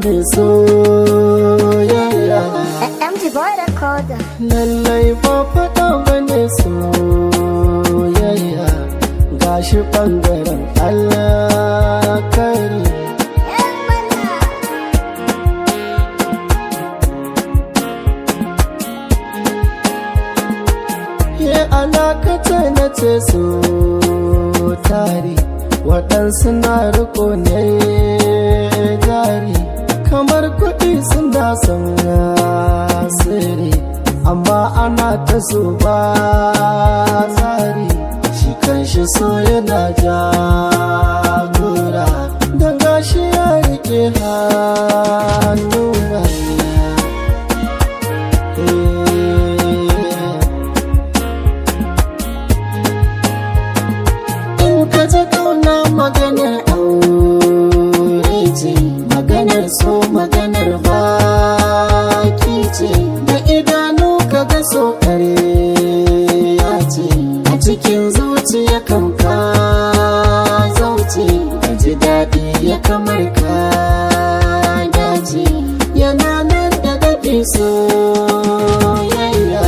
da soyayya lallai ba faɗa bane soyayya gashi ɓangaren Allah kari alakata na ce so tari waɗansu na riko ne san amma ana ta so ba tsari shi kanshi so yana jagora da gashi ya rike hannu eh. maganar aure ce maganar so kamar ka daji yana nan da daɗe soyayya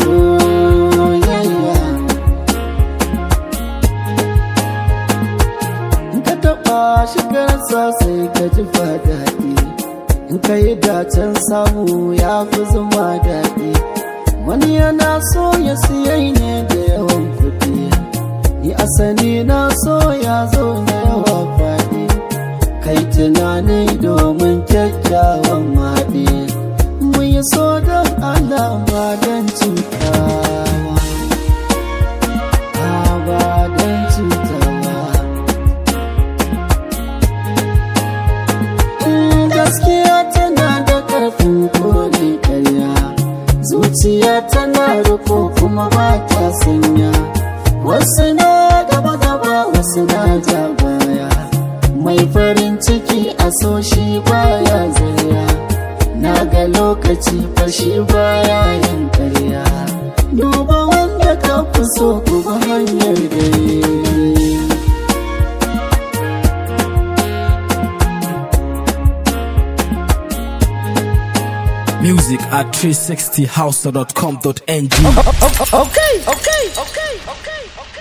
soyayya ka taɓa shigarsa sai ka ji daɗi in ka yi dacen samu ya fi daɗi wani yana so ya siya ne da yawan kuɗi ni asali na so ya zo na yawa faɗi kai tunani domin kyakkyawan maɗi. Mun yi so don alama don cuta. Mm, gaskiya tana da ƙarfin kone zuciya tana rufo kuma ba ta sanya wasu na gaba gaba wasu na ja baya mai farin ciki a so shi baya zaya na ga lokaci fashi baya yin karya duba wanda ka fi so kuma hanyar Music at 360house.com.ng. Okay, okay, okay, okay, okay.